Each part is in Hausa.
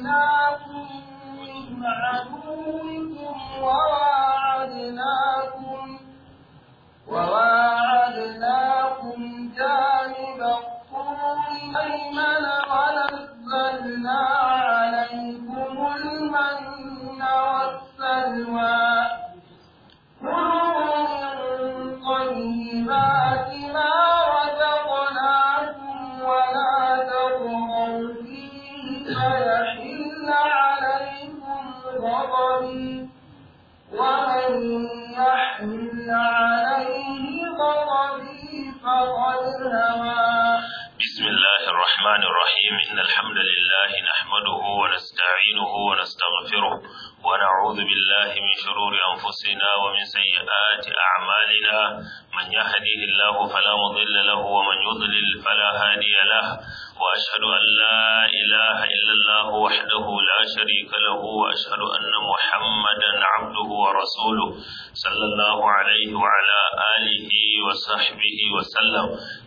أخرجناكم من عدوكم بالله من شرور أنفسنا ومن سيئات أعمالنا من يهديه الله فلا مضل له ومن يضلل فلا هادي له وأشهد أن لا إله إلا الله وحده لا شريك له وأشهد أن محمدا عبده ورسوله صلى الله عليه وعلى آله وصحبه وسلم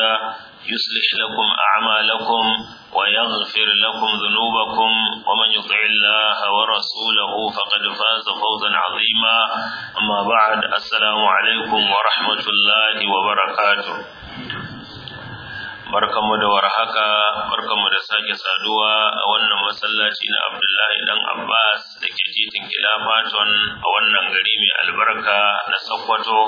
خيرا يصلح لكم أعمالكم ويغفر لكم ذنوبكم ومن يطع الله ورسوله فقد فاز فوزا عظيما أما بعد السلام عليكم ورحمة الله وبركاته barkamu da warhaka barkamu da sake saduwa a wannan masallaci na Abdullahi dan Abbas da ke titin Kilafaton a wannan gari mai albarka na Sokoto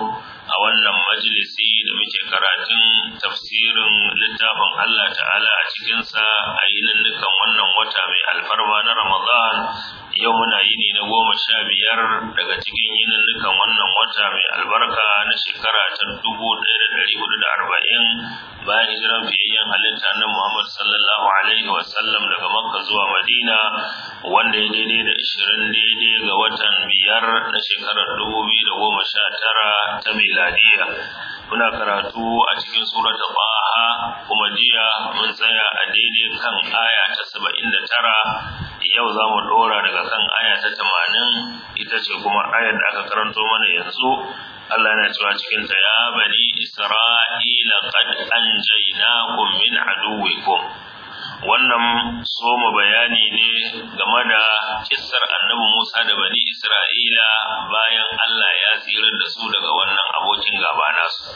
a wannan majalisi da muke karatun tafsirin littafin Allah ta'ala a cikinsa a yi nannukan wannan wata mai alfarma na Ramadan yau muna yi ne na goma sha biyar daga cikin yinannukan wannan wata mai albarka na shekara ta dubu ɗaya da ɗari hudu da arba'in bayan hijiran fiyayyen halitta na Muhammad sallallahu alaihi wasallam daga Makka zuwa Madina wanda ya daidai da ishirin daidai ga watan biyar na shekarar dubu biyu da goma sha tara ta miladiya. Kuna karatu a cikin surata Baha kuma jiya mun tsaya a daidai kan aya ta saba'in da tara yau za mu ɗora daga kan aya ta tamanin ita ce kuma ayar da aka karanto mana yanzu Allah yana cewa cikin ta ya bani Isra'ila qad anjaynakum min aduwikum wannan soma bayani ne game da kissar annabi Musa da bani Isra'ila bayan Allah ya tsirar da su daga wannan abokin gaba nasu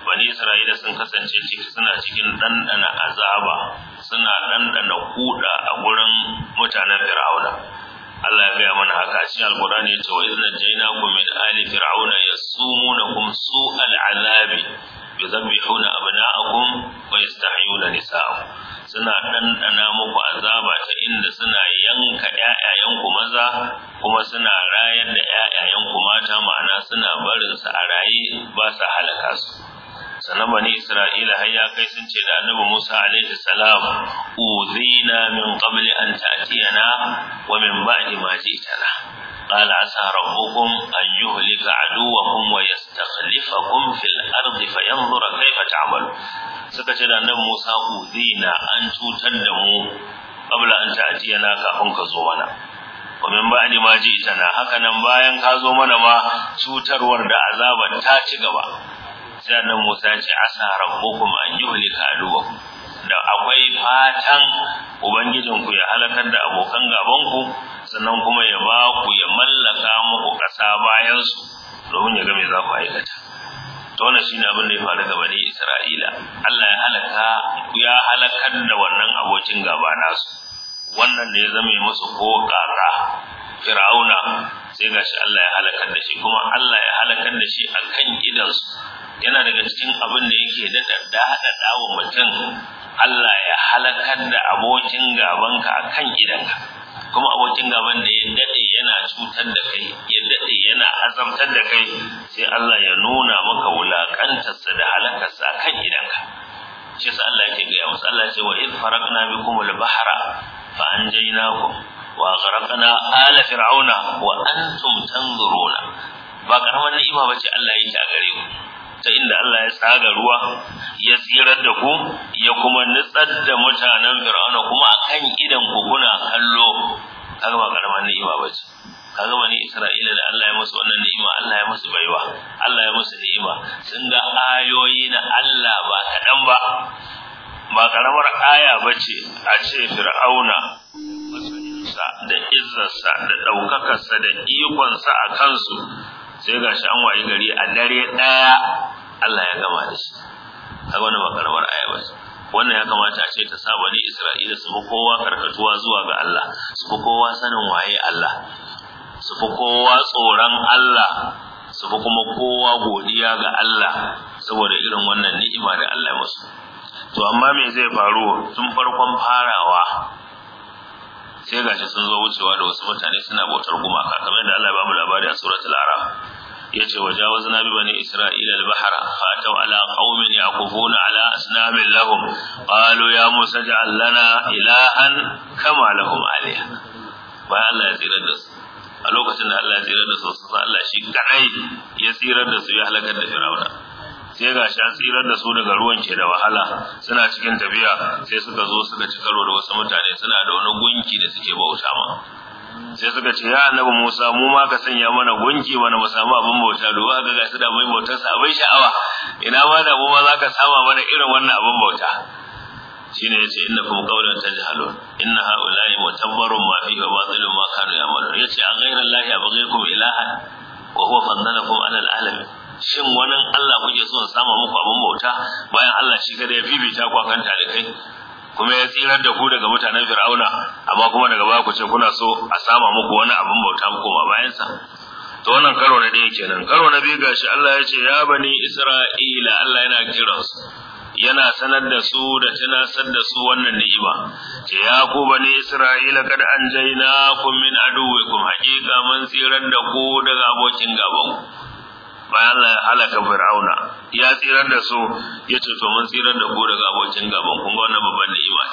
bani Isra'ila sun kasance ciki suna cikin dandana azaba suna dandana kuda a gurin mutanen Fir'auna Allah ya gaya mana haka a cikin Alƙur'ani ya ce wa idna ku min ali fir'auna kum su'al azabi yuzabbihuna abna'akum wa yastahiyuna nisa'akum suna ɗanɗana muku azaba ta inda suna yanka ƴaƴayenku maza kuma suna rayar da ƴaƴayenku mata ma'ana suna barin su a raye ba su halaka su sannan bani isra'ila har ya kai sun ce da annabi musa alaihi salam uzina min qabli an ta'tiyana wa min ba'di ma ji'tana qala asa rabbukum an yuhlika aduwakum wa yastakhlifakum fil ardi fayanzura kayfa ta'malu suka ce da annabi musa uzina an cutar da mu qabla an ta'tiyana kafin ka zo mana min ba'di ma ji'tana haka nan bayan ka zo mana ma cutarwar da azaban ta ci gaba sai annabi Musa ya ce asa rabbukum an yuhlika aduwakum da akwai fatan ubangijin ku ya halakar da abokan gaban ku sannan kuma ya ba ku ya mallaka muku ƙasa bayan su domin ya ga me za ku aikata to wannan shine abin da ya faru ga bani Isra'ila Allah ya halaka ya halakar da wannan abokin gaba nasu wannan da ya zame musu ko kaka Fir'auna sai gashi Allah ya halakar da shi kuma Allah ya halakar da shi akan idansu yana daga cikin abin da yake daɗa daɗa dawo mutum Allah ya halakar da abokin gabanka a kan gidanka kuma abokin gaban da ya daɗe yana cutar da kai ya daɗe yana azabtar da kai sai Allah ya nuna maka wulaƙantarsa da halakarsa a kan gidanka shi yasa Allah yake gaya musu Allah ya ce wa id farakna bikum al-bahra fa anjaynakum wa aghraqna ala fir'auna wa antum tanzuruna ba karamar ba bace Allah yake a gare ku ta inda Allah ya tsaga ruwa ya tsirar da ku ya kuma nutsar da mutanen fir'auna kuma a kan idan ku kuna kallo kaga ba karamar ni'ima ba ce kaga bani Isra'ila da Allah ya musu wannan ni'ima Allah ya musu baiwa Allah ya musu ni'ima sun ga ayoyi na Allah ba kaɗan ba ba karamar aya ba ce a ce fir'auna da izzarsa da ɗaukakarsa da ikonsa a kansu sai ga shi an wayi gari a dare ɗaya. Allah ya gama da shi kaga wannan ba aya ba wannan ya kamata a ce ta saba bani Isra'ila su fi kowa karkatuwa zuwa ga Allah su fi kowa sanin waye Allah su fi kowa tsoron Allah su fi kuma kowa godiya ga Allah saboda irin wannan ni'ima da Allah musu to amma me zai faru tun farkon farawa sai gashi sun zo wucewa da wasu mutane suna bautar gumaka kamar da Allah ya ba mu labari a suratul araf yace wajawazna bi bani isra'ila al-bahra fa ataw ala qaumin yaqufuna ala asnamin lahum qalu ya musa ja'al lana ilahan kama lahum aliha bayan Allah ya tsira da su a lokacin da Allah ya tsira da su sai Allah shi kadai ya tsira da su ya halaka da firawna sai ga shi an tsirar da su daga ruwan ke da wahala suna cikin tafiya sai suka zo suka ci karo da wasu mutane suna da wani gunki da suke bauta ma sai suka ce ya annabi Musa mu ma ka sanya mana gunki mana mu samu abin bauta duba ga gasu da mai bautar sa bai sha'awa ina ma da kuma zaka sama mana irin wannan abin bauta shine yace innakum qawlan tajhalun inna haula'i mutabbarun ma fi wadil ma kanu ya'malun yace a ghayra allahi abghaykum ilaha wa huwa faddalakum 'ala al'alam shin wannan Allah kuke so sama muku abin bauta bayan Allah shi kada ya fifita ku akan talikai kuma ya tsirar da ku daga mutanen fir'auna amma kuma daga ba ku ce kuna so a sama muku wani abin bauta muku ba bayan sa to wannan karo na ɗaya kenan karo na biyu gashi Allah ya ce ya bani Isra'ila Allah yana su yana sanar da su da tunasar da su wannan ni'ima ce ya ku bani Isra'ila kad kun min aduwikum haqiqa mun tsirar da ku daga abokin gaban ku bayan Allah ya halaka fir'auna ya tsirar da su ce to mun tsirar da ku daga abokin gaban kun ga wannan babban ni'ima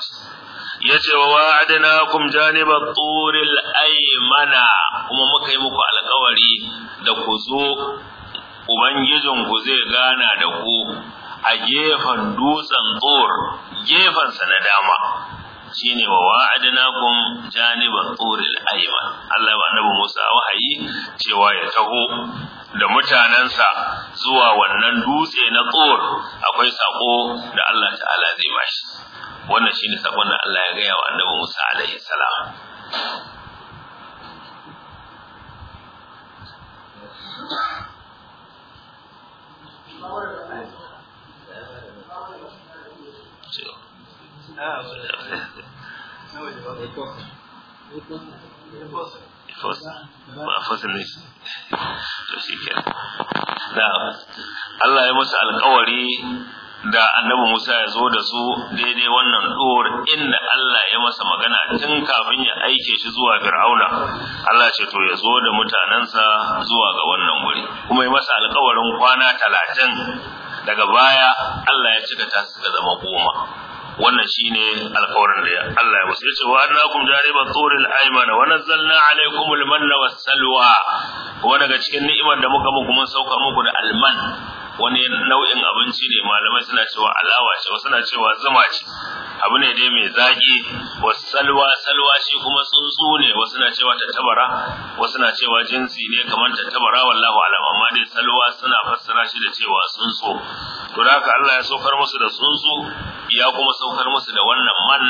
ce ce wa wa'adnakum janiba turil aymana kuma muka yi muku alƙawari da ku zo ubangijin ku zai gana da ku a gefen dutsen tsor gefen sa na dama shine wa wa'adnakum janiba turil aymana Allah ya annabi Musa wahayi cewa ya taho da mutanensa zuwa wannan dutse na tsor akwai sako da Allah ta'ala zai bashi wannan shine sakon da Allah ya gaya wa annabi Musa alaihi salam Ah, Allah ya masa alkawari da annabi Musa ya zo da su daidai wannan ɗor inda Allah ya masa magana tun kafin ya aike shi zuwa Fir'auna Allah ce to ya zo da mutanensa zuwa ga wannan wuri kuma ya masa alkawarin kwana talatin daga baya Allah ya cika ta ga zama goma wannan shine alƙawarin da Allah ya wasu yace wa annakum jariba turil aymana wa nazzalna alaykumul manna was salwa wa daga cikin ni'imar da muka muku mun sauka muku da alman wani nau'in abinci ne malamai suna cewa alawa ce wasu na cewa zuma ce abu ne dai mai zaki wasu salwa salwa shi kuma tsuntsu ne wasu na cewa tattabara wasu na cewa jinsi ne kamar tattabara wallahu alam amma dai salwa suna fassara shi da cewa tsuntsu to haka Allah ya saukar musu da tsuntsu ya kuma saukar musu da wannan man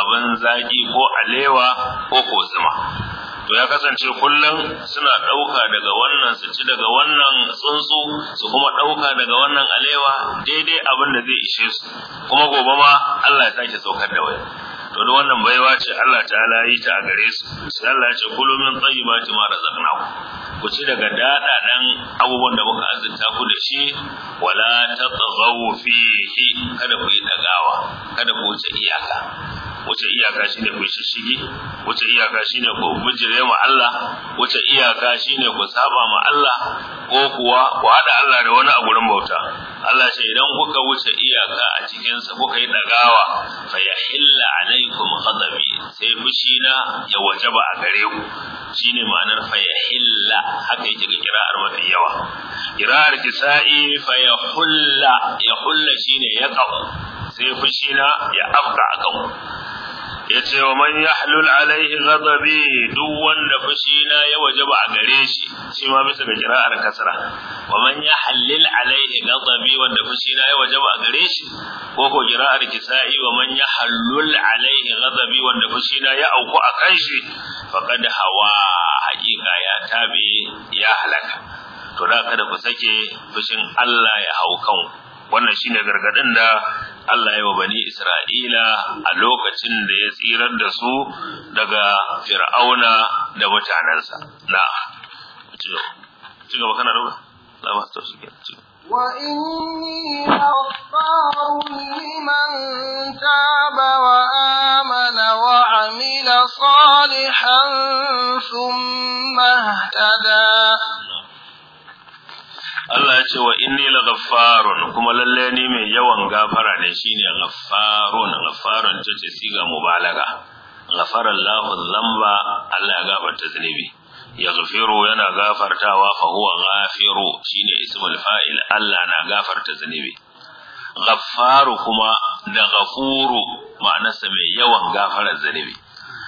abin zaki ko alewa ko kozuma to ya kasance kullum suna ɗauka daga wannan su ci daga wannan tsuntsu su kuma ɗauka daga wannan alewa daidai abin da zai ishe su kuma gobe ma Allah ya sake saukar da wani to wannan baiwa ce Allah ta yi ta a gare su sai Allah ya ce kulu min tayyibati ma razaqnakum ku Ku ci daga dada abubuwan da muka azurta ku da shi wala tatghaw fihi kada ku yi dagawa kada ku wuce iyaka wace iyaka shine ku shishigi wace iyaka shine ku bijire ma Allah wace iyaka shine ku saba ma Allah ko kuwa ku haɗa Allah da wani a gurin bauta Allah ce idan kuka wuce iyaka a cikinsa kuka yi ɗagawa? fa yahilla alaikum ghadabi sai fushina ya wajaba a gare ku shine ma'anar fa yahilla haka yake kira mafi yawa kira'ar kisa'i fa yahulla yahulla shine yaqaw sai fushina ya afka akan ku Ya ce, wa man halul alaihi ghadabi duk wanda fushi na ya wajaba a gare shi shi ma bisa ga kira'ar kasra wa man yahlil alaihi ghadabi wanda fushi na ya wajaba a gare shi ko ko kira'ar kisa'i wa man yahlul alaihi ghadabi wanda fushi na ya auku a kan shi faqad hawa haqiqa ya tabi ya halaka to da kada ku sake fushin Allah ya hau kan wannan shine gargadin da Allah ya wa bani Isra'ila a lokacin da ya tsirar da su daga Fir'auna da mutanensa. Na, ci gaba kana dauka? Na ba su وإني غفار لمن تاب وآمن وعمل صالحا ثم اهتدى Allah ya ce wa inni la ghaffarun kuma lalle ni mai yawan gafara ne shine ghaffarun ghaffarun ce ce siga mubalaga ghafara Allahu dhanba Allah ya gafarta zunubi yaghfiru yana gafartawa fa huwa ghafiru shine ismul fa'il Allah na gafarta zunubi ghaffaru kuma da ghafuru ma'anarsa mai yawan gafara zunubi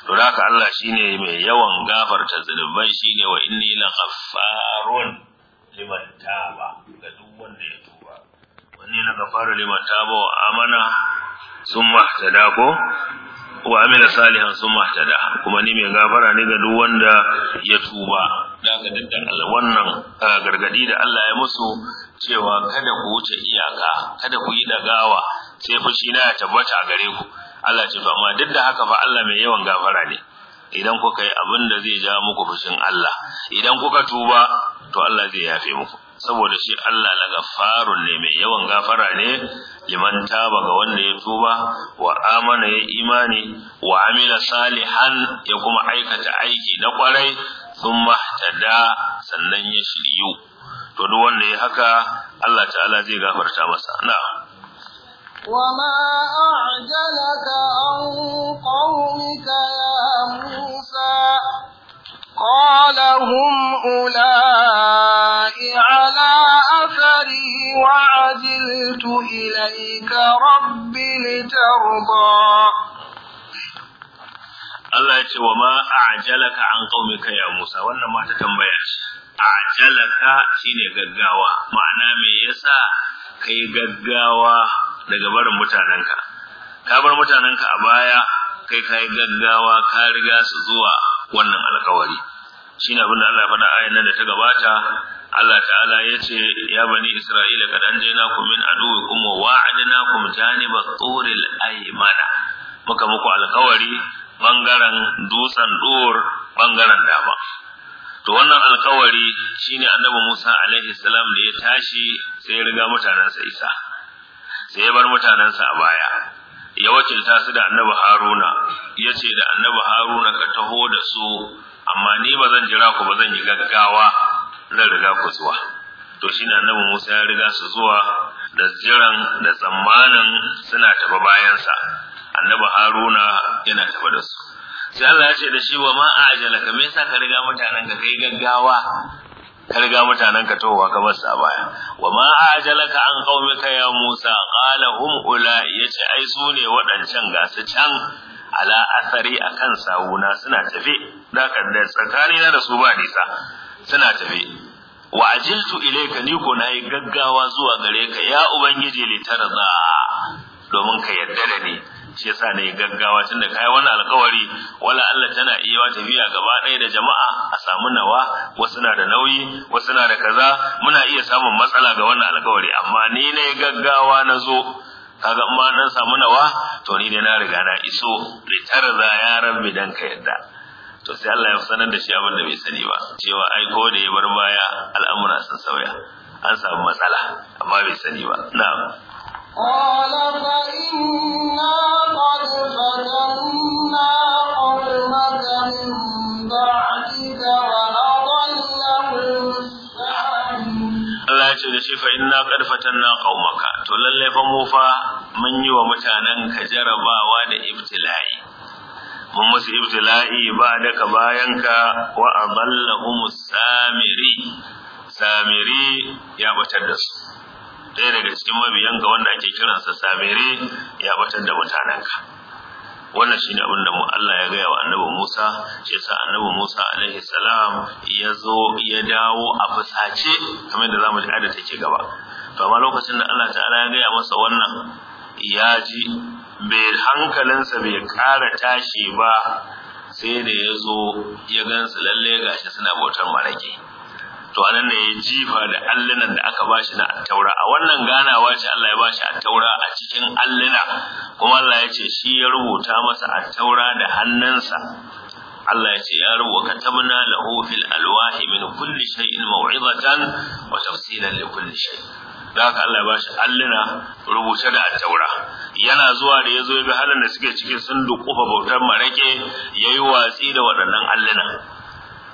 to haka Allah shine mai yawan gafarta zunubai shine wa inni la ghaffarun liman taba ga duk wanda ya tuba wanne na gafara liman taba wa amana sun mahtada ko wa amila salihan sun mahtada kuma ni mai gafara ne ga duk wanda ya tuba da ka dinda wannan gargadi da Allah ya musu cewa kada ku wuce iyaka kada ku yi dagawa sai fushi na ya tabbata a gare ku Allah ce to amma duk da haka fa Allah mai yawan gafara ne idan kuka yi abin da zai ja muku fushin Allah idan kuka tuba to Allah zai yafe muku saboda shi Allah na gafarun ne mai yawan gafara ne liman taba ga wanda ya tuba wa amana ya imani wa amila salihan ya kuma aikata aiki na kwarai thumma tada sannan ya shiryu to duk wanda ya haka Allah ta'ala zai gafarta masa na وما أعجلك عن قومك يا موسى قال هم أولئك على أثري وعجلت إليك رب لترضى Allah ya ce wa ma a'jalaka an qaumika ya Musa wannan ma ta tambaya ce a'jalaka shine gaggawa ma'ana me yasa kai gaggawa daga barin mutanenka ka bar mutanenka a baya kai kai gaggawa ka riga su zuwa wannan alƙawari shine abin da Allah ya faɗa ayan nan da ta gabata Allah ta'ala ya ce ya bani Isra'ila kad ku min aduwikum wa wa'adnakum janibat turil aymana muka muku alkawari bangaren dutsen dur bangaren dama to wannan alkawari shine annabi Musa alaihi salam da ya tashi sai ya riga mutanansa Isa sai ya bar mutanansa a baya ya wakilta su da annabi Haruna yace da annabi Haruna ka taho da su amma ni ba zan jira ku ba zan yi gaggawa zan riga ku zuwa to shine annabi Musa ya riga su zuwa da jiran da tsammanin suna tafi bayansa annabi Haruna yana tafi da su sai Allah ya ce da shi wa ma ka me yasa ka riga mutanen ka kai gaggawa ka riga mutanen ka towa ka bar su baya wa ma ka an ka ya Musa qala hum ula yace ai sune ne wadancan gasu can ala asari kan sawuna suna tafe da da tsakanina da su ba nisa suna tafe wa ajiltu ilayka ni ko nayi gaggawa zuwa gare ka ya ubangiji litarza domin ka yarda da ni shi yasa nayi gaggawa tunda kai wannan alƙawari wala Allah tana iya wa tafiya gaba ɗaya da jama'a a samu nawa wasu na da nauyi wasu na da kaza muna iya samun matsala ga wannan alƙawari amma ni ne gaggawa na zo kaga in ma dan samu nawa to ni ne na riga na iso litarza ya rabbi dan ka yadda to sai Allah ya sanar da shi abin da bai sani ba cewa ai ko da ya bar baya al'amura sun sauya an samu matsala amma bai sani ba na'am قال فإنا قد فتنا قومك من da shi fa inna qad fatanna qaumaka to lalle fa mu fa mun yi wa mutanen ka jarabawa da ibtila'i mun musu ibtila'i ba da ka bayan ka wa adallahum samiri samiri ya batar da su ɗaya daga cikin mabiyanka wanda ake kiransa samiri ya batar da mutanen ka. wannan shine abin da Allah ya gaya wa annabi Musa shi yasa annabi Musa alaihi salam ya zo ya dawo a fusace kamar da zamu ji ada take gaba to amma lokacin da Allah ta'ala ya gaya masa wannan ya ji bai hankalinsa bai ƙara tashi ba sai da ya zo ya gansu lalle gashi suna bautar maraki to anan ne ya jifa da allunan da aka bashi na taura a wannan ganawa ce Allah ya bashi attaura a cikin alluna kuma Allah ya ce shi ya rubuta masa attaura da hannunsa Allah ya ce ya rubuta katabna lahu fil alwahi min kulli shay'in maw'izatan wa tafsilan li kulli shay da haka Allah ya bashi alluna rubuce da attaura yana zuwa da yazo ya ga halin da suke cikin sun dukufa bautar marake yayi watsi da waɗannan alluna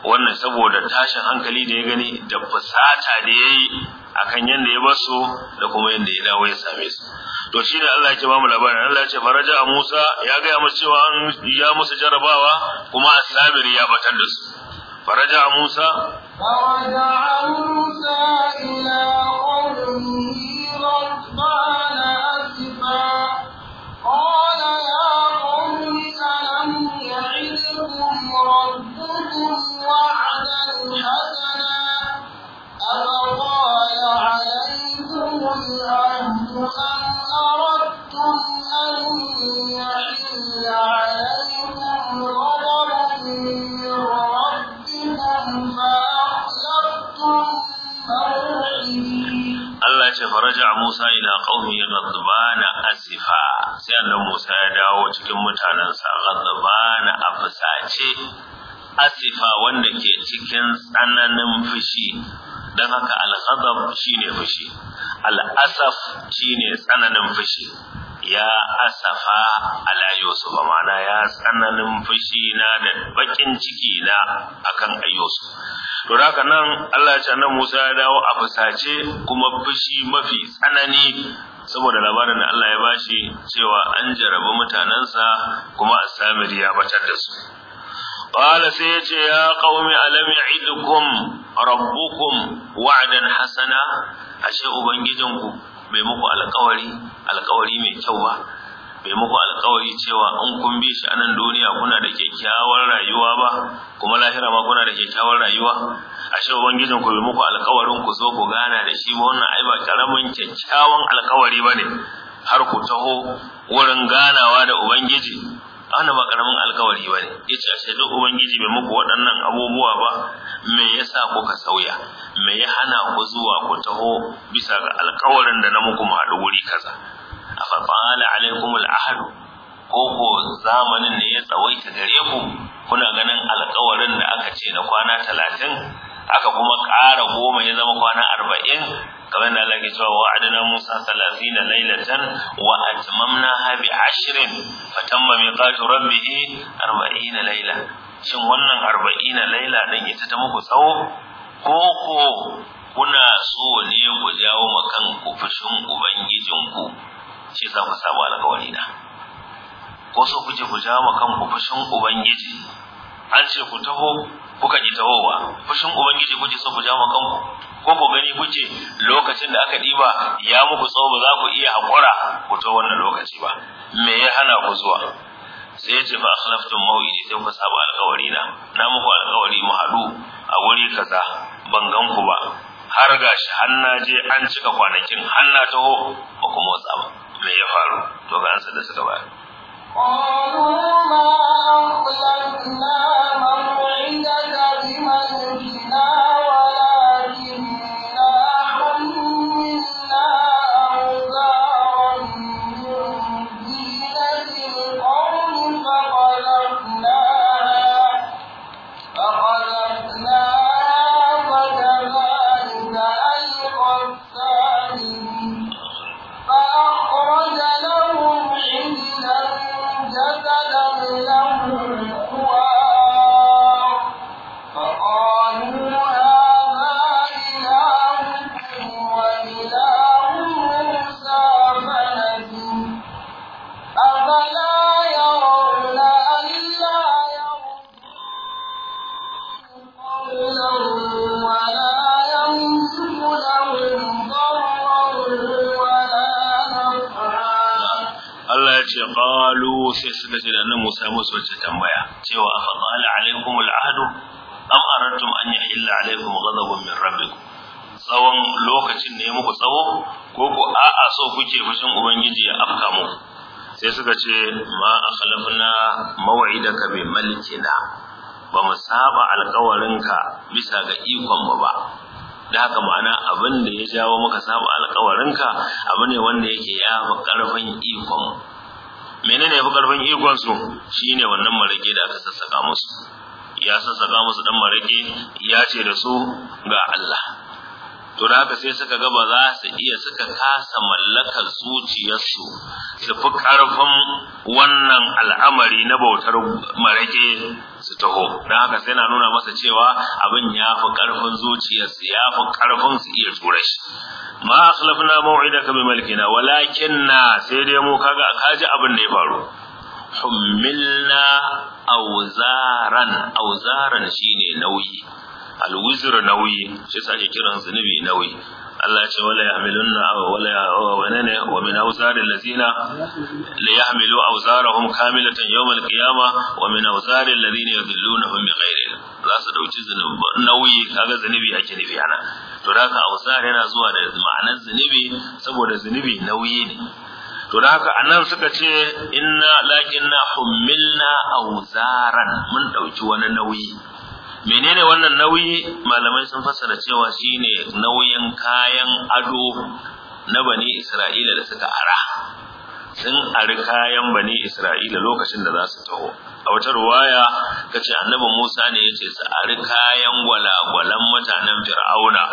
wannan saboda tashin hankali da ya gani da fusata da ya yi a kan yadda ya basu da kuma yadda ya dawo ya same su to shi da Allah yake bamu labarin Allah ce faraja a Musa ya gaya masu cewa an ya musu jarabawa kuma sabiri ya batar da su faraja a Musa faraja Musa ila raja Musa ila qaumi ghadbana asifa sai annabi Musa ya dawo cikin mutanansa ghadbana afsace asifa wanda ke cikin tsananin fushi dan haka al-ghadab ne fushi al-asaf shine tsananin fushi ya asafa ala yusuf ma'ana ya tsananin fushi na da bakin ciki na akan ayyusu to daga nan Allah ya ce nan Musa ya dawo a fusace kuma fushi mafi tsanani saboda labarin da Allah ya bashi cewa an jarabi mutanensa kuma Asamiri ya batar da su qala sai ya ce ya qaumi alam ya'idukum rabbukum wa'dan hasana ashe ubangijinku bai muku alkawari alkawari mai kyau ba bai muku alkawari cewa in kun bi shi anan duniya kuna da kyakkyawar rayuwa ba kuma lahira ma kuna da kyakkyawar rayuwa ashe ubangijin ku bai muku alkawarin ku zo ku gana da shi ba wannan ai ba karamin kyakkyawan alkawari bane har ku taho wurin ganawa da ubangiji ana ba karamin alkawari bane yace ashe duk ubangiji bai muku waɗannan abubuwa ba me yasa kuka sauya me ya hana ku zuwa ku taho bisa ga alƙawarin da na muku da wuri kaza afaqala alaikum al'ahd ko ko zamanin ne ya tsawaita gare ku kuna ganin alƙawarin da aka ce na kwana talatin aka kuma ƙara goma ya zama kwana arba'in kamar da Allah ke cewa wa'adna Musa 30 lailatan wa atmamnaha bi 'ashrin fatamma miqatu rabbih 40 laila shin wannan arba'ina laila din ita ta muku tsawo ko ko kuna so ne ku jawo makan ku fushin ubangijinku shi za ku samu alkawari na ko so ku je ku jawo makan ku fushin ubangiji an ce ku taho kuka ji tahowa fushin ubangiji kuke so ku jawo makan ku ko ku gani ce lokacin da aka diba ya muku tsawo ba za ku iya haƙura ku to wannan lokaci ba me ya hana ku zuwa sai ya ce fa akhlaftum maw'idi sai ku saba alƙawari na na muku alƙawari mu haɗu a wuri kaza ban gan ku ba har gashi har na je an cika kwanakin har na taho ba kuma motsa ba me ya faru to ga ansa da suka bayar sai suka ce da nan Musa musu wace tambaya cewa a qala alaikum al'ahdu am aradtum an yahilla alaikum ghadabun min rabbikum tsawon lokacin ne muku tsawo ko ko a'a so kuke fushin ubangiji ya afka mu sai suka ce ma akhlafna maw'idaka bi malikina ba mu saba alƙawarinka bisa ga ikon mu ba da haka ma'ana abin da ya jawo muka saba ka, abu ne wanda yake ya fi ƙarfin ikon menene yafi karfin ikon su shine wannan marake da aka sassaka musu ya sassaka musu dan marake ya ce da su ga Allah to da haka sai suka ga ba za su iya suka kasa mallakar zuciyarsu su fi karfin wannan al'amari na bautar marake su taho don haka sai na nuna masa cewa abin ya fi karfin zuciyarsu ya fi karfin su iya tura ma akhlafna maw'idaka bi malikina walakinna sai dai mu kaga kaji abin da ya faru hummilna awzaran awzaran shine nauyi alwizr nauyi shi sake kiran zunubi nauyi Allah ya ce wala yahmilunna wala wanane wa min awzari allazina la yahmilu awzarahum kamilatan yawm alqiyamah wa za su dauki nauyi kaga zunubi ake nufi ana to da haka absar yana zuwa da ma'anar zunubi saboda zunubi nauyi ne to da haka anan suka ce inna lakinna humilna awzaran mun dauki wani nauyi menene wannan nauyi malamai sun fassara cewa shine nauyin kayan ado na bani Isra'ila da suka ara sun ari kayan bani Isra'ila lokacin da za su taho a wata ruwaya ce annabi Musa ne yace su ari kayan gwalagwalan mutanen Fir'auna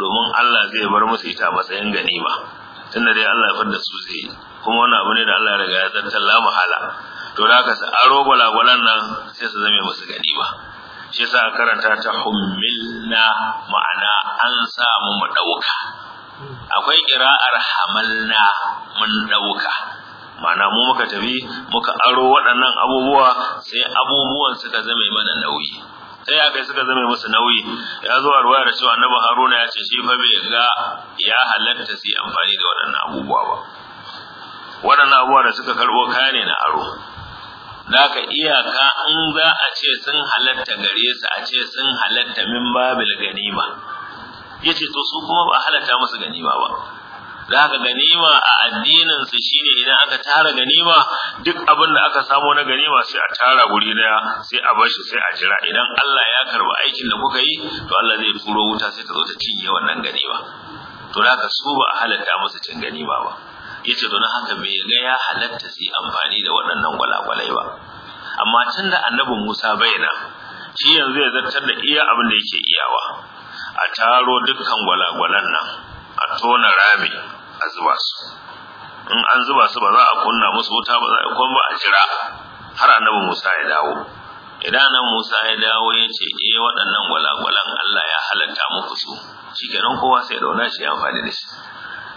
domin Allah zai bar musu ita matsayin ganima tunda dai Allah ya fadda su zai kuma wani abu ne da Allah ya riga ya zartar mahala to da aka su aro gwalagwalan nan sai su zame musu ba. shi yasa karanta ta na ma'ana an samu mu dauka akwai ƙira'ar hamalna mun ɗauka ma'ana mu muka tafi muka aro waɗannan abubuwa sai abubuwan suka zame mana nauyi sai aka suka zame musu nauyi ya zo a da cewa annabi haruna ya ce shi fa bai ga ya halatta su yi amfani da waɗannan abubuwa ba waɗannan abubuwa da suka karɓo kaya ne na aro da ka iyaka in za a ce sun halatta gare su a ce sun halatta min babil ganima yace to su kuma ba halatta musu ganima ba Zaka ganima a addinin su shine idan aka tara ganima duk abin da aka samu na ganima sai a tara guri daya sai a bar shi sai a jira idan Allah ya karba aikin da kuka yi to Allah zai turo wuta sai ta zo ta cinye wannan ganima to da so su ba a halatta musu cin ganima ba yace to na haka bai ga ya halatta su amfani da waɗannan gwalagwalai ba amma tun da annabi Musa bayyana shi yanzu ya zartar da iya abin da yake iyawa a taro dukkan gwalagwalan nan a tona rami a zuba su in an zuba su ba za a kunna musu wuta ba za a kuma ba a jira har annabi Musa ya dawo idan nan Musa ya dawo ya ce eh waɗannan gwalagwalan Allah ya halatta muku su shikenan kowa sai dauna shi ya amfani da shi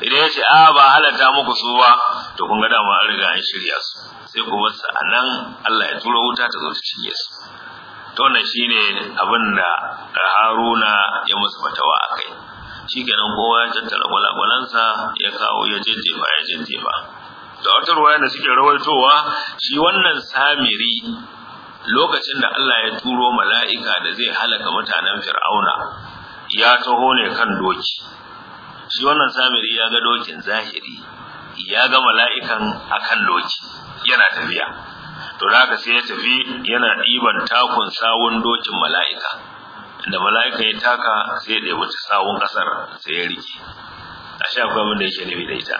idan ya ce a ba halatta muku su ba to kun ga dama an riga an shirya su sai ku bar nan Allah ya turo wuta ta zo ta cinye su to wannan shine abinda da Haruna ya musu fatawa akai nan, kowa ya tattara gwalagwalansa ya kawo ya jejjefa ya jejjefa da wata ruwaya da suke rawaitowa shi wannan samiri lokacin da Allah ya turo mala'ika da zai halaka mutanen fir'auna ya taho ne kan doki shi wannan samiri ya ga dokin zahiri ya ga mala'ikan a kan doki yana tafiya to da sai ya tafi yana ɗiban takun sawun dokin mala'ika da mala'ika ya taka sai ya ɗebi tsawon kasar sai ya rike a sha akwai abin da yake nufi da ita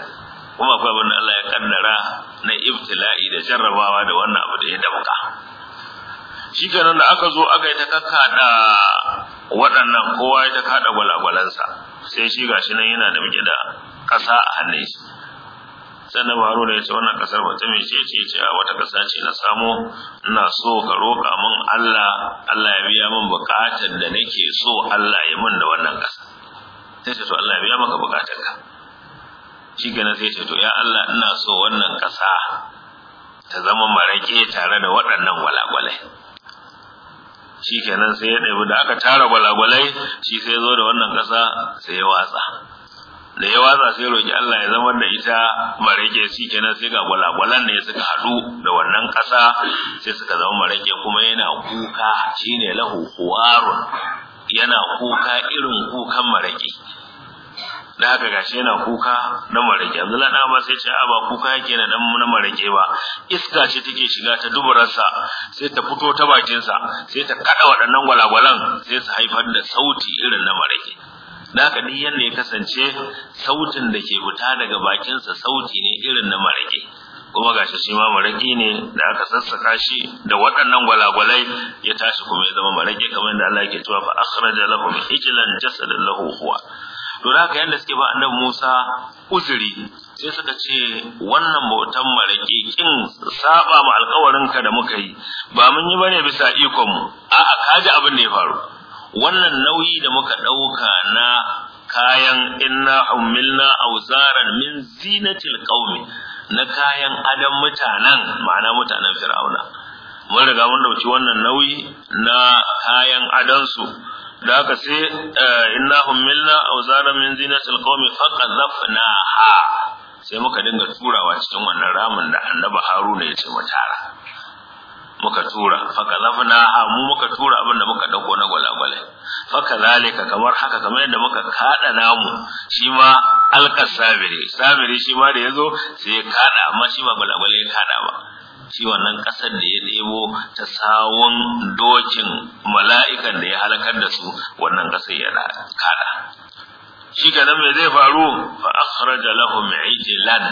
kuma akwai abin da Allah ya kaddara na ibtila'i da jarrabawa da wannan abu da ya damka shi kenan da aka zo aka yi ta kakkaɗa waɗannan kowa ya ta kada gwalagwalansa sai shi gashi nan yana da muke da ƙasa a hannun sai na haruna ya ce wannan kasar wata mai ce ce ce wata kasa ce na samo ina so ka roƙa min Allah Allah ya biya min buƙatar da nake so Allah ya min da wannan kasa sai ce to Allah ya biya maka buƙatar ka shi na sai ce to ya Allah ina so wannan kasa ta zama marake tare da waɗannan walagwalai shi kenan sai ya ɗabi da aka tara gwalagwalai shi sai zo da wannan ƙasa sai ya watsa da ya watsa sai roƙi Allah ya zama da ita mareke shi kenan sai ga gwalagwalan ne suka haɗu da wannan ƙasa sai suka zama mareke kuma yana kuka shine lahu kuwarun yana kuka irin kukan mareke da haka gashi yana kuka na mareke yanzu na ba sai ce a ba kuka yake na dan na mareke ba iska ce take shiga ta sa, sai ta fito ta bakinsa sai ta kada waɗannan gwalagwalan sai su haifar da sauti irin na mareke da haka duk ya kasance sautin da ke fita daga bakinsa sauti ne irin na marage kuma gashi shi ma marage ne da aka sassaka shi da waɗannan gwalagwalai ya tashi kuma ya zama marage kamar yadda Allah yake cewa fa akhraja lahum hijlan jasadan lahu huwa to da haka yanda suke ba annabi Musa uzuri sai suka ce wannan bautan marake kin saba ma ka da muka yi ba mun yi bane bisa ikon mu a'a kaji abin da ya faru wannan nauyi da muka ɗauka na kayan inna ummilna auzaran min zinatil qaumi na kayan adam mutanen ma'ana mutanen fir'auna mun riga mun dauki wannan nauyi na kayan su da haka sai eh, inna ummilna auzaran min zinatil qaumi faqadhafnaha sai muka dinga turawa cikin wannan ramin da annabi haruna ya ce mu tara muka tura faka ha mu muka tura abin da muka dauko na gwalagwale faka zalika kamar haka kamar yadda muka kada namu shi ma alka sabiri sabiri shi ma da yazo sai ya kada amma shi ba gwalagwale ya kada ba shi wannan kasar da ya nemo ta sawon dokin mala'ikan da ya halakar da su wannan kasar ya kada shi nan me zai faru fa akhraja lahum ijlan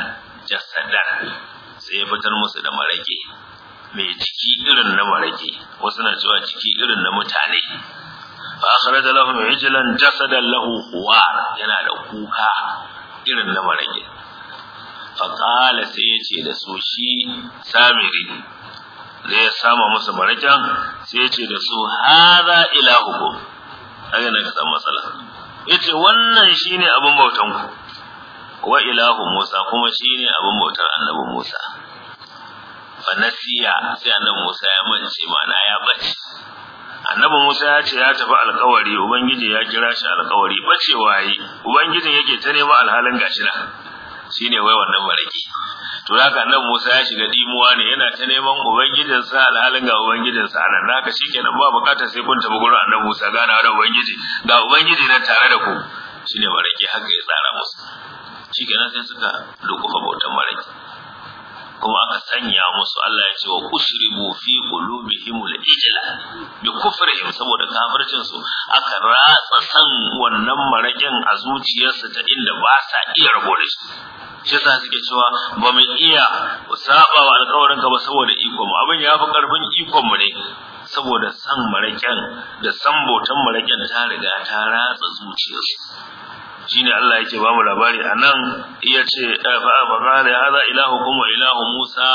jasadan sai ya fitar musu da marake mai ciki irin na marage wasu na cewa ciki irin na mutane fa akhraj lahum ijlan jasadan lahu khuwar yana da kuka irin na marage fa qala sai yace da su shi samiri zai sama musu marajan sai yace da su hadha ilahukum kaga na ka matsala yace wannan shine abin bautanku wa ilahu musa kuma shine abin bautar annabi musa fanasiya sai annabi Musa ya mance mana ya bace annabi Musa ya ce ya tafi alƙawari ubangiji ya kira shi alkawari bace waye ubangijin yake ta neman alhalin gashi na shine wai wannan baraki to haka annabi Musa ya shiga dimuwa ne yana ta neman ubangijin sa alhalin ga ubangijin sa nan naka shikenan ba bukata sai kun tafi gurin annabi Musa gana da ubangiji ga ubangiji na tare da ku shine baraki haka ya tsara musu shikenan sai suka dukufa bautan baraki kuma aka sanya musu Allah ya ce wa ushribu fi qulubihimul ijla bi kufrihim saboda kafircin su aka ratsa san wannan marajin a zuciyarsu ta inda ba sa iya rabo da shi shi yasa suke cewa ba mu iya saba wa alƙawarin ka ba saboda ikon mu abin ya fi ƙarfin ikon mu ne saboda san marakin da san botan marakin ta riga ta ratsa zuciyarsu shine Allah yake ba mu labari anan iya ce eh, fa ba qala hada ilahukum wa ilahu Musa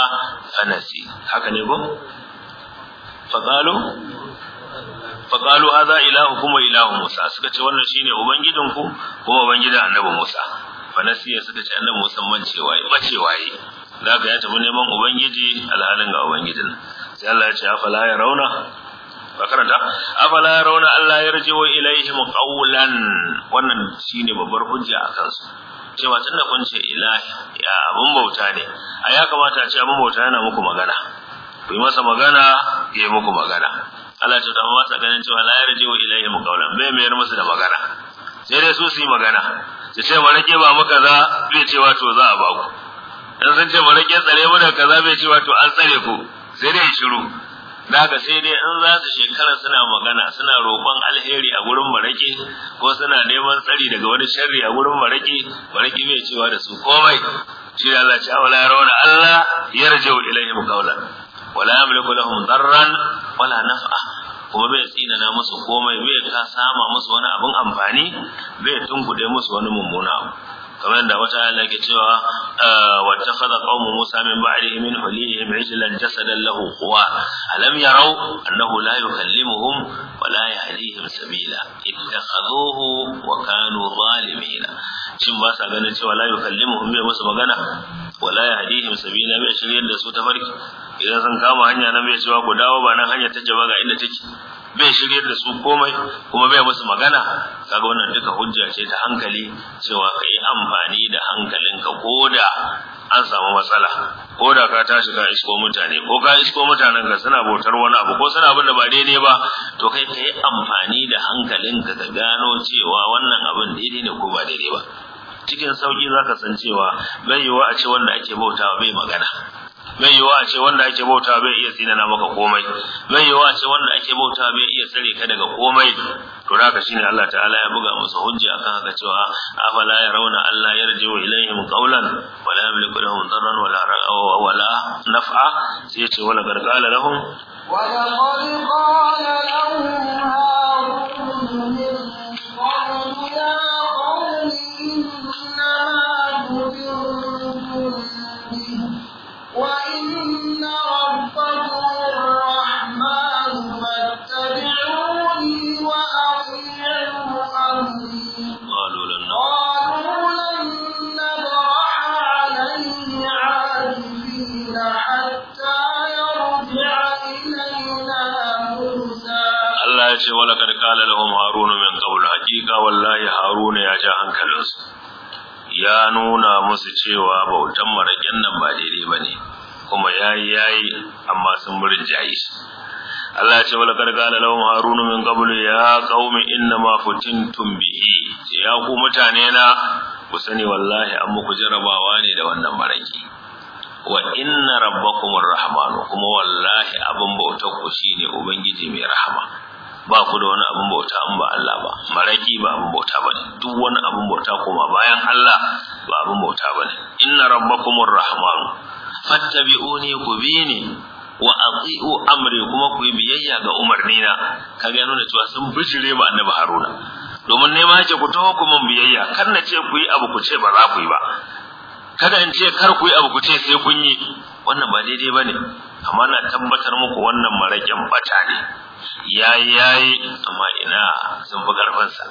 fanasi haka ne ko fa qalu fa qalu hada ilahukum wa ilahu Musa suka ce wannan shine ubangijinku kuma ubangidan annabi Musa fanasi suka ce annabi Musa mancewa ya bacewa yi zaka ya tafi neman ubangiji alhalin ga ubangijin sai Allah ya ce afala ya rauna ba karanta afala yarawna alla yarji'u ilaihim qawlan wannan shine babbar hujja a kansu cewa da kun ce ilahi ya mun bauta ne a ya kamata a ce mun bauta yana muku magana ku yi masa magana ya yi muku magana Allah ce ta amma ganin cewa la yarji'u ilaihim qawlan bai mayar musu da magana sai dai su su yi magana su ce mu rage ba muka za bai cewa to za a baku dan sun ce mu rage tsare mu da kaza bai cewa to an tsare ku sai dai shiru daga sai dai in za su shekara suna magana suna roƙon alheri a gurin maraƙi ko suna neman tsari daga wani sharri a gurin maraƙi maraƙi bai cewa da su komai shi da Allah ya wala yarawna Allah yarjiu ilaihim qawlan wala yamliku lahum darran wala naf'a kuma bai tsina na musu komai bai ka sama musu wani abin amfani bai tunkude musu wani mummuna kamar da wata Allah ke cewa ah, wa takhadha qaumu Musa min ba'dihi min hulihim ijlan jasadan lahu kuwa alam yarau annahu la yukallimuhum wa la yahdihim sabila ittakhadhuhu wa kanu zalimin shin ba sa ganin cewa la yukallimuhum bai musu magana wa la yahdihim sabila bai shiryar da su ta farki idan sun kama hanya nan bai cewa ku dawo ba nan hanyar ta jaba ga inda take bai shiryar da su komai kuma bai musu magana kaga wannan duka hujja ce ta hankali cewa ka yi amfani da hankalinka ko da an samu matsala ko da ka tashi ka isko mutane ko ka isko mutanen ka suna bautar wani abu ko suna abin da ba daidai ba to kai ka amfani da hankalinka ka gano cewa wannan abin daidai ne ko ba daidai ba cikin sauki za ka san cewa bai yiwuwa a ce wanda ake bautawa bai magana mai yiwa ce wanda ake bauta bai iya tsinana maka komai mai yiwa a ce wanda ake bauta bai iya tsare ka daga komai to haka shine Allah ta'ala ya buga musu hujja akan haka cewa afala rauna Allah yarji'u ilaihim qawlan wala yamliku lahum darran wala wala naf'a sai ya ce wala gargala lahum wa qad qala lahum harun ya ce wala kad kala lahum harun min qawl haqiqa wallahi haruna ya ja hankalinsu ya nuna musu cewa bautan marakin nan ba daidai bane kuma yayi yayi amma sun jayi. Allah ya ce wala kad kala lahum harun min qawl ya qaumi inna ma futintum bihi ya ku mutane na ku sani wallahi an muku jarabawa ne da wannan maraki wa inna rabbakumur rahmanu kuma wallahi abin bautar ku shine ubangiji mai rahama ba ku da wani abin bauta in ba Allah ba maraki ba abin bauta ba duk wani abin bauta kuma bayan Allah ba abin bauta ba ne inna rabbakumur rahman fattabi'uni ku bi ni wa ati'u amri kuma ku biyayya ga umarni na ka ga nuna cewa sun bishire ba annabi Haruna domin nema ce ku taho ku mun biyayya kar na ce ku yi abu ku ce ba za ku yi ba kada in ce kar ku yi abu ku ce sai kun yi wannan ba daidai bane amma na tabbatar muku wannan marakin bata ne ya yayi amma ina sun fi karfansa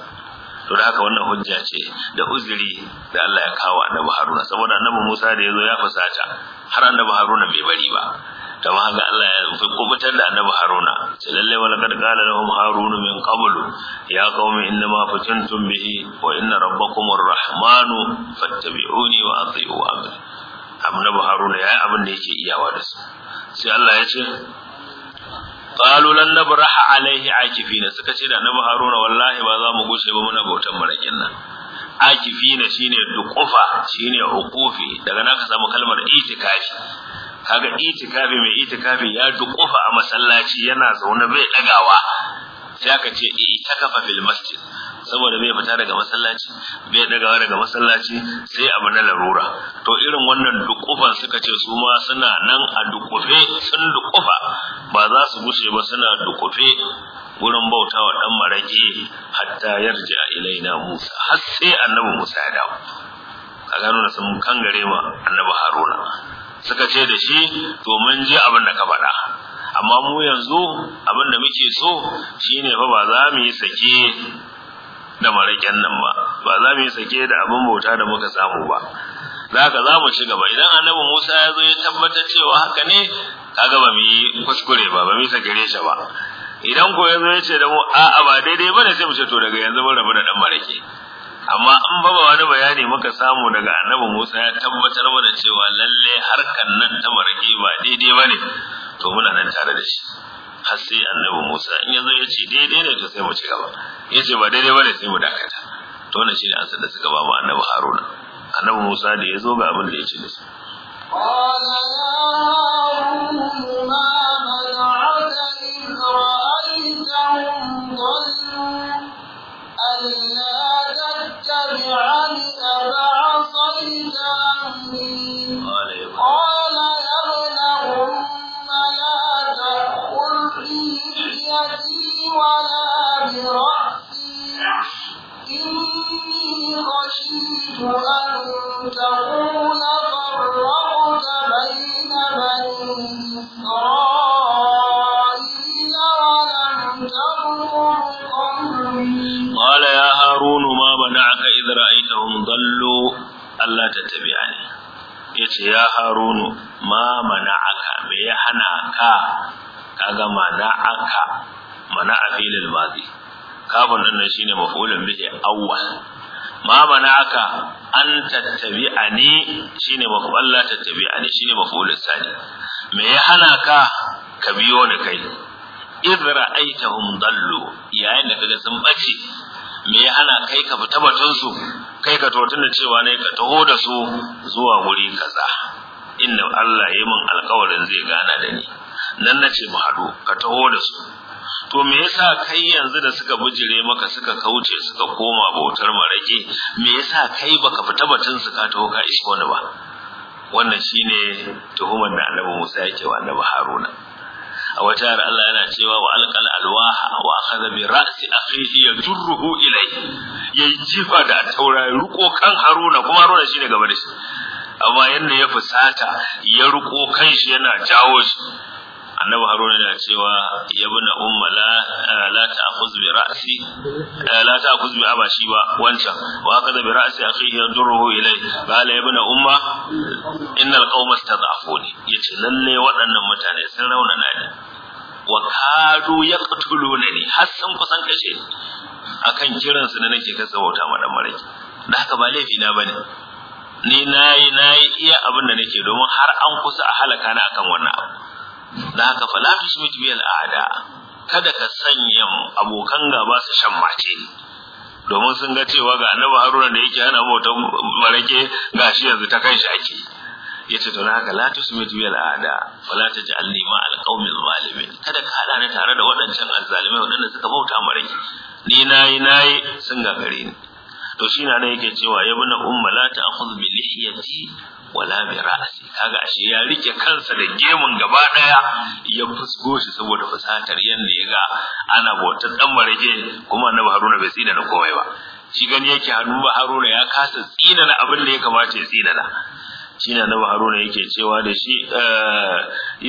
to da haka wannan hujja ce da uzuri da Allah ya kawo annabi Haruna saboda annabi Musa da ya zo ya fusata har annabi Haruna bai bari ba kama haka Allah ya fi kubutar da annabi Haruna ce lalle wala kad qala lahum harunu min qablu ya qaumi inna ma fatantum bihi wa inna rabbakum arrahmanu fattabi'uni wa ati'u amri annabi Haruna yayi abin da yake iyawa da su sai Allah ya ce qalu lan nabraha alaihi akifina suka ce da annabi haruna wallahi ba za mu gushe ba muna bautan marakin nan akifina shine duqufa shine hukufi daga nan ka samu kalmar itikafi kaga itikafi mai itikafi ya duqufa a masallaci yana zaune bai dagawa sai aka ce itakafa fil masjid saboda bai fita daga masallaci bai dagawa daga masallaci sai abu na larura to irin wannan dukufan suka ce su ma suna nan a dukufe sun dukufa ba za su gushe ba suna dukufe wurin bauta wa dan maraji hatta yarja ilaina Musa har sai annabi Musa ya dawo a gano na sun kangare ma annabi Haruna suka ce da shi to mun ji abin da ka faɗa amma mu yanzu abin da muke so shine fa ba za mu yi sake da maraƙen nan ba ba za mu yi sake da abin bauta da muka samu ba za ka za mu ci gaba idan annabi musa ya zo ya tabbatar cewa haka ne kaga ba mu yi kuskure ba ba mu yi sakare ba idan ko ya zo ya ce da mu a'a ba daidai ba ne sai mu ce to daga yanzu mun rabu da dan maraƙi amma an ba wani bayani muka samu daga annabi musa ya tabbatar mana cewa lalle harkan nan ta maraƙi ba daidai ba ne to muna nan tare da shi har sai annabi Musa in yazo ya ce daidai ne to sai mu ci gaba ya ce ba daidai bane sai mu dakata to wannan shine an da suka ba mu annabi Haruna annabi Musa da yazo ga abin da ya ce da su أن تقول فرقت بين بني إسرائيل ولم ترقب قال يا هارون ما منعك إذ رأيتهم ضلوا ألا تتبعني yace ya harunu ma mana'aka me ya hana ka kaga mana'aka kafin nan shine maf'ulun bihi awwal ma aka an tattabi'ani shine maf'ul Allah tattabi'ani shine maf'ulun sani me ya hana ka ka biyo ni kai id ra'aitahum dallu yayin da kaga sun bace me ya hana kai ka fita batun su kai ka totuna cewa ne ka taho da su zuwa wuri kaza inna Allah ya min alƙawarin zai gana da ni nan nace mu haɗu ka taho da su to me yasa kai yanzu da suka bujire maka suka kauce suka koma bautar maraki me yasa kai baka fita batun su ka taho ka wani ba wannan shine tuhumar da Annabi Musa yake wa Annabi Haruna a wata yar Allah yana cewa wa alqal alwaha wa akhadha bi ra'si akhihi yajruhu ilayhi yayi jifa da taurayi ruko kan Haruna kuma Haruna shine gaba da shi amma yanda ya fusata ya ruko kan shi yana jawo shi annabi haruna yana cewa ya bi na umma la eh, ta akuz bi ra'si eh, la ta akuz bi abashi ba wancan wa haka bi ra'si akhihi yadurruhu ilai qala ya bi na umma innal qawma istad'afuni yace lalle waɗannan mutane sun na ni wa kadu ni, har sun kusan kashe akan kiransu ne nake kasa sabota ma dan maraki da haka ba laifi na bane ni nayi nayi iya abin da nake domin har an kusa a halaka na akan wannan abu da haka fala tusmit bil aada kada ka sanya abokan gaba su shammace mace domin sun ga cewa ga annabi haruna da yake hana mota marake gashi yanzu ta kai shi ake yace to haka la tusmit bil a'da fala taj'alni ma al qaumil zalimin kada ka hada ni tare da waɗancan azzalimai waɗanda suka bauta marake ni nayi nayi sun ga gare ni to shi na yake cewa ya na umma la ta'khudh bi lihiyati wala bi ra'asi kaga ashe ya rike kansa da gemun gaba daya ya fusgo shi saboda fasatar yanda ya ana bautar dan marage kuma annabi Haruna bai tsina na komai ba shi gani yake hannu Haruna ya kasa tsina na abin da ya kamata ya tsina na shine annabi Haruna yake cewa da shi eh,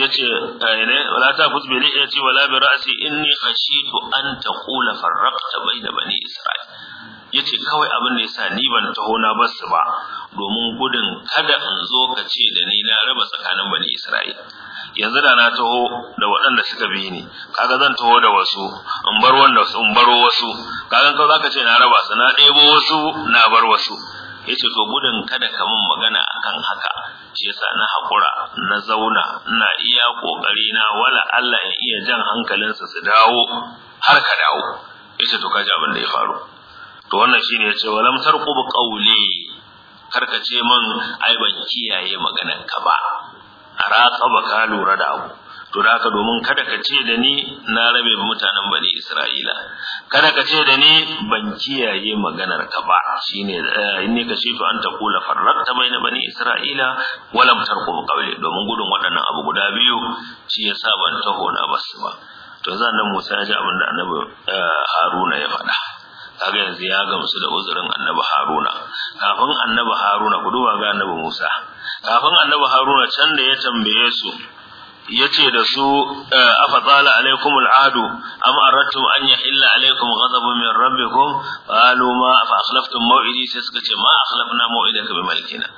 yace eh, ne wala ta fusbi ne yace wala bi ra'si inni khashitu an taqula farraqta bayna bani isra'il yace kawai abin da ya sa ni ban taho na basu ba domin gudun kada in zo ka ce da ni na raba tsakanin bani Isra'il. yanzu da na taho da waɗanda suka bi ni kaga zan taho da wasu in bar wanda in baro wasu kaga kawai zaka ce na raba su na ɗebo wasu na bar wasu yace to gudun kada ka min magana akan haka shi yasa na hakura na zauna ina iya kokari na wala Allah ya iya jan hankalinsa su dawo har ka dawo yace to kaji abin da ya faru to wannan shine yace walam bi qawli karkace man ai ban kiyaye maganan ka ba araka ba ka lura da abu to da haka domin kada ka ce da ni na rabe mutanen bani isra'ila kada ka ce da ni ban kiyaye maganar ka ba shine ne ka ce, to an ta kula farrakta na bani isra'ila walam bi qawli domin gudun waɗannan abu guda biyu shi yasa ban taho na basu ba to yanzu annabi Musa ya ji abin da annabi eh, Haruna ya faɗa kaga yanzu ya gamsu da uzurin annabi haruna kafin annabi haruna ku duba ga annabi musa kafin annabi haruna can da ya tambaye su ya ce da su eh, afa tsala alaikum al'adu am aradtum an yahilla alaikum ghadabun min rabbikum qalu ma fa akhlaftum maw'idi sai suka ce ma akhlafna maw'idaka bi malikina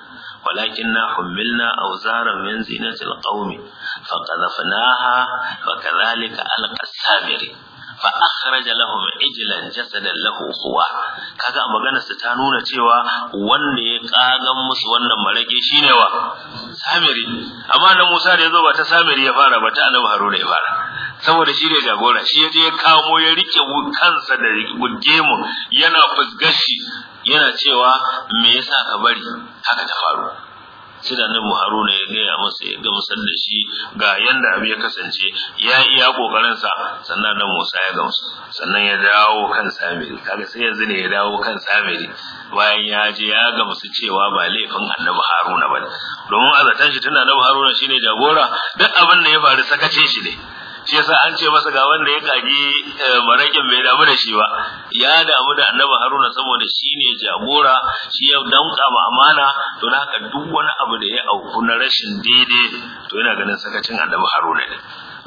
ولكننا حملنا أوزارا من زينة القوم فقذفناها وكذلك ألقى السامري fa akhraja lahum ijlan jasadan lahu quwa kaga magana su ta nuna cewa wanda ya kagan musu wannan marage shine wa samiri amma nan Musa da yazo ba ta samiri ya fara ba ta Annabi Haruna ya fara saboda shi ne jagora shi ya je ya kamo ya rike kansa da mu yana fusgashi yana cewa me yasa ka bari haka ta faru sai da haruna ya gaya masa ya ga musan da shi ga yanda abu ya kasance ya iya kokarin sa sannan nan musa ya gamsu sannan ya dawo kan samiri kaga sai yanzu ne ya dawo kan samiri bayan ya je ya gamsu cewa ba laifin annabi haruna bane domin azatan shi tunda annabi haruna shine jagora duk abin da ya faru sakace shi ne shi yasa an ce masa ga wanda ya kagi eh, marakin bai damu da shi ba ya damu da annabi haruna saboda shi ne jagora shi ya danka ma amana to na haka duk wani abu da ya auku na rashin daidai to yana ganin sakacin annabi haruna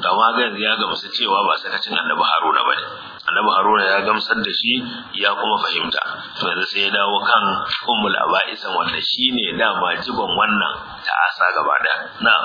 ne ma ga yanzu ya gamsu cewa ba sakacin annabi haruna ba ne annabi haruna ya gamsar da shi ya kuma fahimta to yanzu sai ya dawo kan ummul aba'isan wanda shine dama jiban wannan ta'asa gaba daya na'am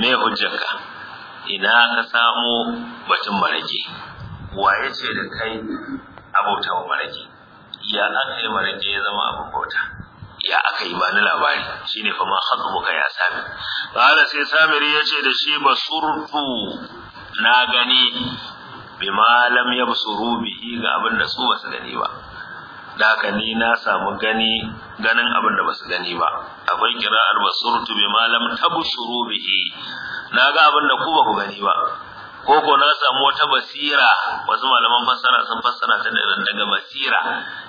me hujjarka ina ka samu batun marage waye ce da kai abota wa marage ya aka yi marage ya zama abin bauta ya aka yi bani labari shine fa ma muka ya sami qala sai samiri ce da shi basurtu na gani bima lam yabsuru bihi ga abin da su basu gani ba da haka ni na samu gani ganin abin da basu gani ba akwai kira'ar basurtu bi malam tabshuru bihi na ga abin da ku ba ku gani ba ko ko na samu wata basira wasu malaman fassara sun fassara ta daga basira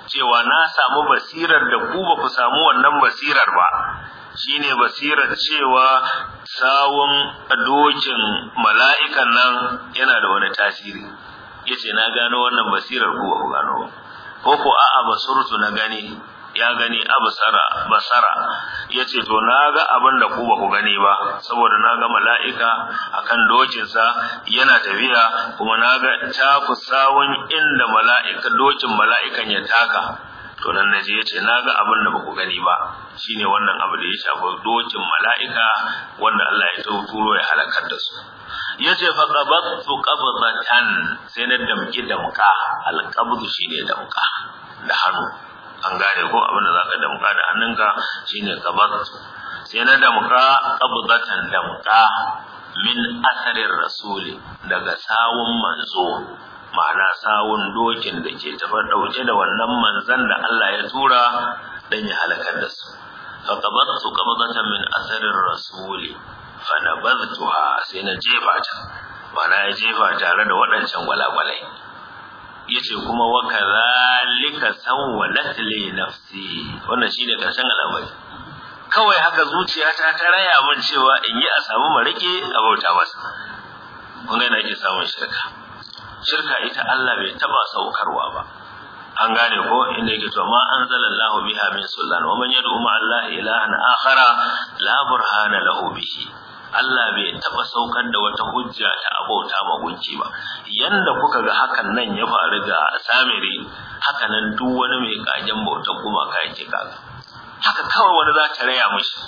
cewa na samu basirar da ku ba ku samu wannan basirar ba shine basirar cewa sawun dokin mala'ikan nan yana da wani tasiri yace na gano wannan basirar ku ba ku gano ba ko ko a'a basurtu na gani ya gani a basara yace to naga abin da ku ba ku gani ba saboda na ga mala'ika a kan dokinsa yana tafiya kuma na naga fi sawun inda mala'ika dokin mala'ikan ya taka to nan na je yace na ga abin da baku gani ba shine wannan abu da ya shafi dokin mala'ika wanda Allah ya turo ya halakar da su yace fa qabattu qabdatan sai na damki damka alqabdu shine damka da hannu an gane ko abin da za ka damka da hannunka shine qabattu sai na damka qabdatan damka min asarin rasuli daga sawun manzo ma'ana sawun dokin da ke tafar dauke da wannan manzan da Allah ya tura dan ya halakar da su fa qabattu min asarir rasuli fa nabadtuha sai na jefa ta ma'ana ya jefa tare da waɗancan gwalagwalai yace kuma wa kazalika sawwalat li nafsi wannan shine karshen al'amari kawai haka zuciya ta raya min cewa in yi a samu marike a bauta masa kun ga ake samun shirka shirka ita Allah bai taba saukarwa ba an gane ko inda yake to ma anzala Allahu biha min sultan wa man yad'u ma Allah ilahan akhara la burhana lahu bihi Allah bai taba saukar da wata hujja ta abota ma gunki ba yanda kuka ga hakan nan ya faru ga Samiri haka nan duk wani mai kagen bautar kuma yake kaga haka kawai wani za ta raya mishi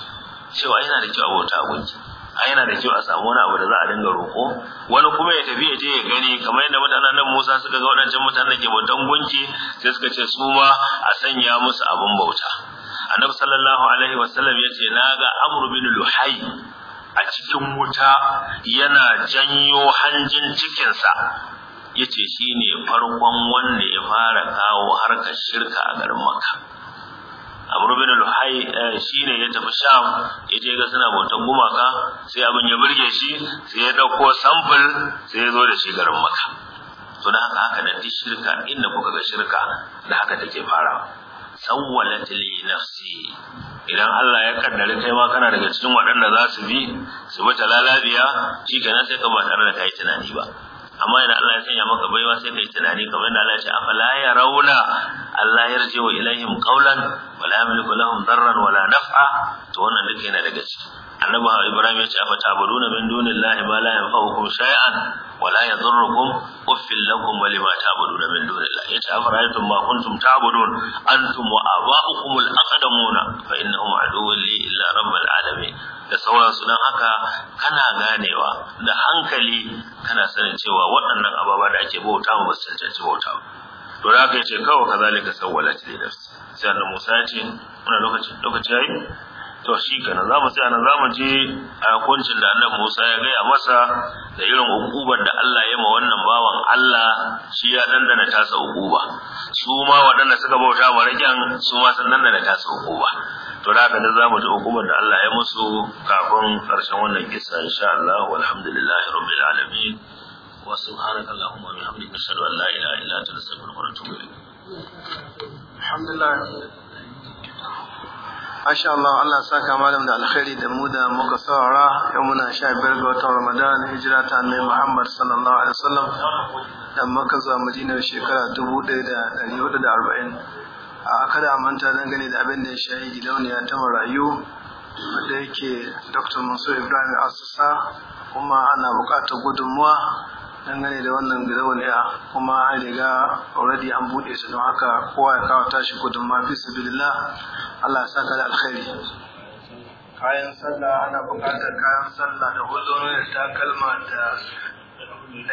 cewa yana da kyau abota gunki a yana da kyau a samu wani abu da za a dinga roƙo wani kuma ya tafi ya je ya gani kamar yadda mutanen nan Musa suka ga waɗancan mutanen da ke bautan gunki sai suka ce su ma a sanya musu abin bauta annabi sallallahu alaihi wasallam ya ce naga amru bin luhai a cikin wuta yana janyo hanjin cikinsa ya ce shi ne farkon wanda ya fara kawo harkar shirka a garin makka amr bin eh, shi ne ya tafi sham ya je ga suna bautan gumaka sai abin ya burge shi sai ya dauko sample sai ya zo da shi garin maka to da haka haka nan shirka inda kuka ga shirka da haka take fara. sawwalat li nafsi idan Allah ya kaddare kai ma kana daga cikin waɗanda za su bi su bi lalabiya, shi kenan sai ka ba tare da kai tunani ba amma idan Allah ya sanya maka baiwa sai kai tunani kamar da Allah ya ce ya rauna Allah ya rjiwa ilaihim qawlan wala yamliku lahum darran wala naf'a to wannan duka yana daga ciki annabi Ibrahim ya ce a ta'buduna min dunillahi ma la yanfa'ukum shay'an wala yadhurrukum uffil lakum wa lima ta'buduna min dunillahi ya ce afara'aytum ma kuntum ta'budun antum wa aba'ukum al-aqdamuna fa innahum aduwwun li illa rabbil alamin da sauransu don haka kana ganewa da hankali kana sanin cewa waɗannan ababa da ake bauta ba su cancanci bauta ba to da haka yace kawai kazalika sawwala ta da sai annabi Musa ya ce wannan lokaci lokaci yayi to shi za zamu sai anan zamu je a hukuncin da annabi Musa ya gaya masa da irin hukubar da Allah ya ma wannan bawan Allah shi ya dandana tasa hukuba su ma waɗanda suka bauta ma rakin su ma sun dandana tasa hukuba to da haka za mu ji hukumar da Allah ya musu kafin karshen wannan kisa insha Allah walhamdulillahi rabbil alamin wa subhanaka allahumma wa bihamdika ashhadu an la ilaha illa anta astaghfiruka wa atubu ilayk alhamdulillah Asha Allah Allah saka malam da alkhairi da mu da muka saurara yau muna sha biyar ga watan Ramadan hijira ta Annabi Muhammad sallallahu alaihi wasallam da muka zuwa Madina shekara 1440 a kada manta dangane da abin da ya shayi gidauniya ta marayu da yake dr mansur ibrahim asusa kuma ana buƙatar gudunmuwa dangane da wannan gidauniya kuma an riga already an buɗe su don haka kowa ya kawo tashi gudunmuwa fi sabilillah allah ya saka da alkhairi kayan sallah ana bukatar kayan sallah da hudu da takalma da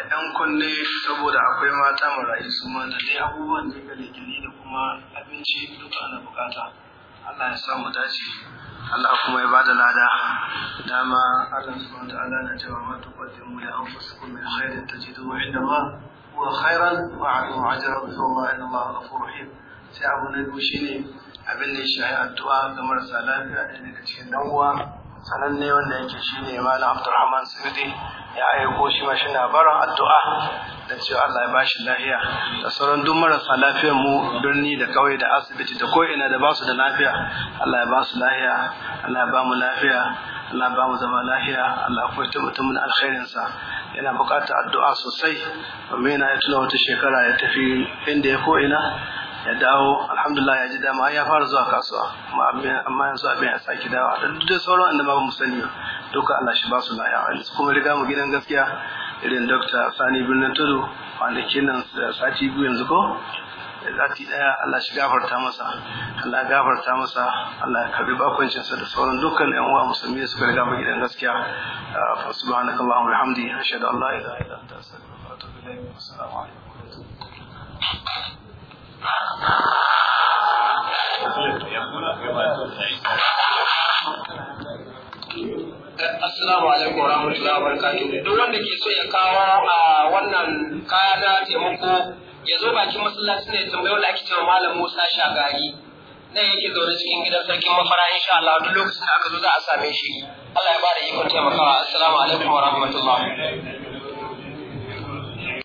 da 'yan kunne saboda akwai mata marayu su ma da dai abubuwan da ya da kuma abinci duka ana bukata Allah ya samu dace Allah kuma ya bada lada dama Allah subhanahu ta'ala na cewa ma tuqaddimu li anfusikum min khairin tajiduhu inda ma wa khairan wa a'lamu ajra fa Allah inna Allah ghafur rahim sai abu na biyu shine abin da ya shahi addu'a kamar salafi a cikin dan uwa sananne wanda yake ne malam abdurrahman sirdi ya aiko shi ma shina barin addu'a da cewa Allah ya bashi lafiya da sauran duk marasa lafiyar mu birni da kauye da asibiti da ko'ina da ba su da lafiya Allah ya basu lafiya Allah ya ba mu lafiya Allah ya ba mu zama lafiya Allah ya ta mutumin na alkhairinsa yana bukatar addu'a sosai domin yana ya tuna wata shekara ya tafi inda ya ko'ina ya dawo alhamdulillah ya ji dama ya fara zuwa kasuwa amma yanzu abin ya sake dawo da duk da sauran inda ba mu sani duka Allah shi ba su na yawa kuma riga mu gidan gaskiya irin Dr. Sani Birnin Tudu wanda ke nan sati biyu yanzu ko zati daya Allah shi gafarta masa Allah gafarta masa Allah karbi bakuncin sa da sauran dukkan yan uwa musulmi su suka riga mu gidan gaskiya fa subhanakallahumma wa bihamdi ashhadu an la ilaha illa anta astaghfiruka wa atubu ilayk assalamu alaikum Assalamu alaikum wa rahmatullahi wa barakatuh. Duk wanda ke so ya kawo a wannan kaya na taimako ya zo bakin masallaci ne tambayi wanda ake cewa Malam Musa Shagari. Nan yake zaune cikin gidan sarkin mafara insha Allah duk lokacin da aka zo za a same shi. Allah ya bada ikon taimakawa. Assalamu alaikum wa rahmatullahi.